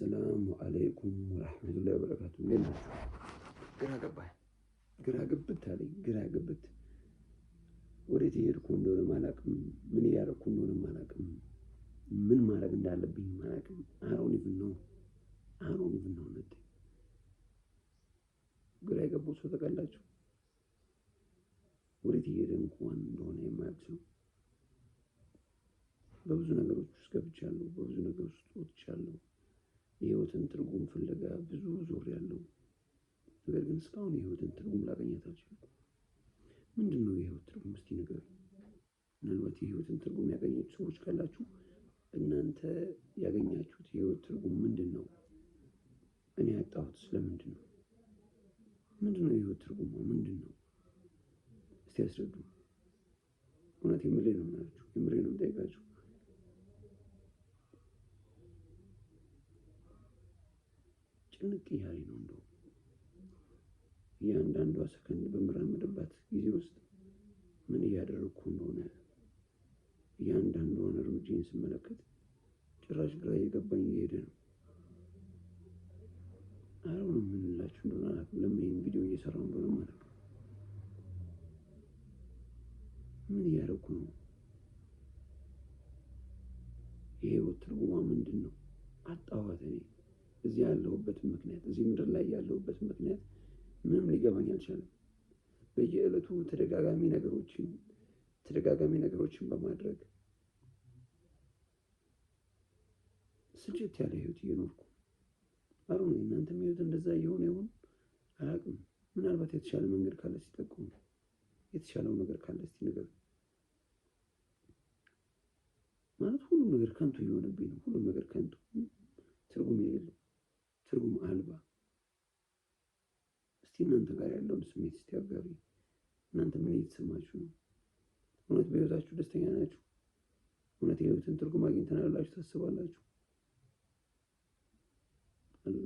ሰላም አለይኩም ወራህመቱላሂ ወበረካቱ። እንዴት ናችሁ? ግራ ገባኝ፣ ግራ ግብት አለኝ፣ ግራ ግብት። ወዴት እየሄድኩ እንደሆነም አላውቅም፣ ምን እያደረኩ እንደሆነም አላውቅም፣ ምን ማድረግ እንዳለብኝ አላውቅም። አሮን ይብን ነው፣ አሮን ይብን ነው። ነት ግራ የገባው ሰው ተቀላችሁ። ወዴት እየሄደ እንኳን እንደሆነ የማያውቅ ሰው በብዙ ነገሮች ውስጥ ገብቻለሁ፣ በብዙ ነገሮች ውስጥ ወጥቻለሁ። የህይወትን ትርጉም ፍለጋ ብዙ ዞር ያለው ነገር ግን እስካሁን የህይወትን ትርጉም ላገኘት አልቻልኩም። ምንድን ነው የህይወት ትርጉም እስቲ ነገር ምናልባት የህይወትን ትርጉም ያገኘችሁ ሰዎች ካላችሁ እናንተ ያገኛችሁት የህይወት ትርጉም ምንድን ነው? እኔ ያጣሁት ስለምንድን ነው? ምንድን ነው የህይወት ትርጉም ምንድን ነው? እስቲ ያስረዱ። እውነት የምሬ ነው የምላችሁ፣ የምሬ ነው የምጠይቃችሁ። ጭንቅ እያለ ነው። እንደው እያንዳንዷ ሰከንድ በምራመድባት ጊዜ ውስጥ ምን እያደረግኩ እንደሆነ እያንዳንዷን እርምጃን ስመለከት ጭራሽ ግራ እየገባኝ እየሄደ ነው። አሁን የምንላችሁ እንደሆነ ለምን ይህን ቪዲዮ እየሰራው እንደሆነ ማለት ነው። ምን እያደረግኩ ነው? የህይወት ትርጉማ ምንድን ነው? እዚህ ያለሁበት ምክንያት እዚህ ምድር ላይ ያለሁበት ምክንያት ምንም ሊገባኝ አልቻለም። በየዕለቱ ተደጋጋሚ ነገሮችን ተደጋጋሚ ነገሮችን በማድረግ ስልችት ያለ ህይወት እየኖርኩ አሩ እናንተም ህይወት እንደዛ እየሆነ ይሆን አያውቅም። ምናልባት የተሻለ መንገድ ካለ ሲጠቁሙ፣ የተሻለው ነገር ካለ እስቲ ማለት ሁሉም ነገር ከንቱ እየሆነብኝ ነው። ሁሉም ነገር ከንቱ ትርጉም የሌለው ትርጉም አልባ። እስቲ እናንተ ጋር ያለውን ስሜት እስቲ አጋሩ። እናንተ ምን እየተሰማችሁ ነው? እውነት በህይወታችሁ ደስተኛ ናችሁ? እውነት የህይወትን ትርጉም አግኝተናል ብላችሁ ታስባላችሁ? አላ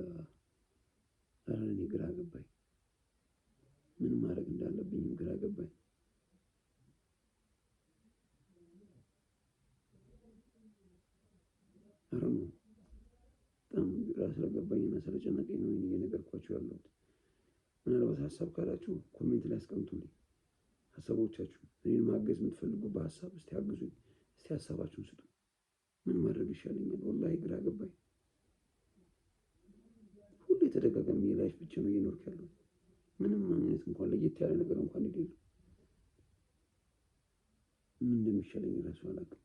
ኧረ እኔ ግራ ገባኝ። ምን ማድረግ እንዳለብኝም ግራ ገባኝ። አረ ግራ ስለገባኝና ስለጨነቀኝ ነው ይህን እየነገርኳችሁ ያለሁት። ምናልባት ሀሳብ ካላችሁ ኮሜንት ላይ አስቀምጡልኝ ሀሳቦቻችሁ። እኔን ማገዝ የምትፈልጉ በሀሳብ እስቲ አግዙኝ፣ እስቲ ሀሳባችሁን ስጡ። ምን ማድረግ ይሻለኛል? ወላሂ ግራ ገባኝ። ሁሉ የተደጋጋሚ የላይፍ ብቻ ነው እየኖርክ ያለው። ምንም አይነት እንኳን ለየት ያለ ነገር እንኳን የሌለው ምን እንደሚሻለኝ ራሱ አላውቅም።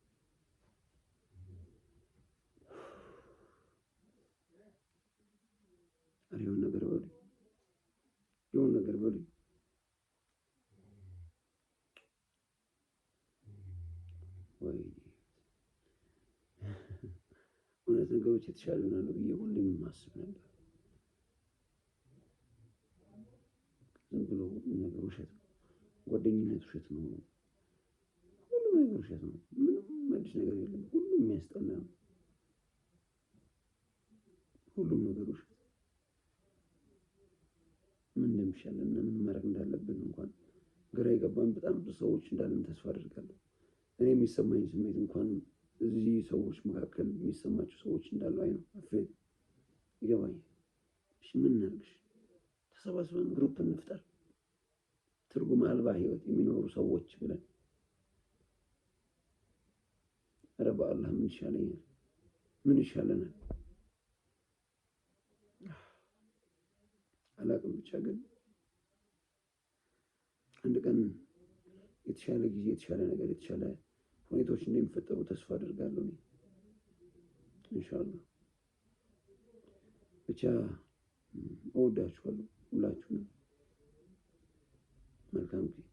ኧረ የሆነ ነገር በሉ የሆነ ነገር በሉ ወይ እውነት ነገሮች የተሻለ ይሆናሉ ብዬ ሁሌም የማስብ ነበር። ዝም ብሎ ነገር ውሸት ነው። ጓደኝነት ውሸት ነው። ሁሉም ነገር ውሸት ነው። ምንም አዲስ ነገር የለም። ሁሉም የሚያስጠላ ነው። ሁሉም ነገር ውሸት እንደሚሻለን እና ምን ማድረግ እንዳለብን እንኳን ግራ የገባን በጣም ብዙ ሰዎች እንዳለን ተስፋ አድርጋለሁ። እኔ የሚሰማኝ ስሜት እንኳን እዚህ ሰዎች መካከል የሚሰማቸው ሰዎች እንዳሉ አይ አፌን ይገባኛል። እሺ ምን እናድርግሽ? ተሰባስበን ግሩፕ እንፍጠር፣ ትርጉም አልባ ህይወት የሚኖሩ ሰዎች ብለን። ኧረ በአላህ ምን ይሻለኛል? ምን ይሻለናል? አላውቅም። ብቻ ግን አንድ ቀን የተሻለ ጊዜ፣ የተሻለ ነገር፣ የተሻለ ሁኔታዎች እንደሚፈጠሩ ተስፋ አድርጋለሁ። ኢንሻአላህ ብቻ እወዳችኋለሁ። ሁላችሁ መልካም ጊዜ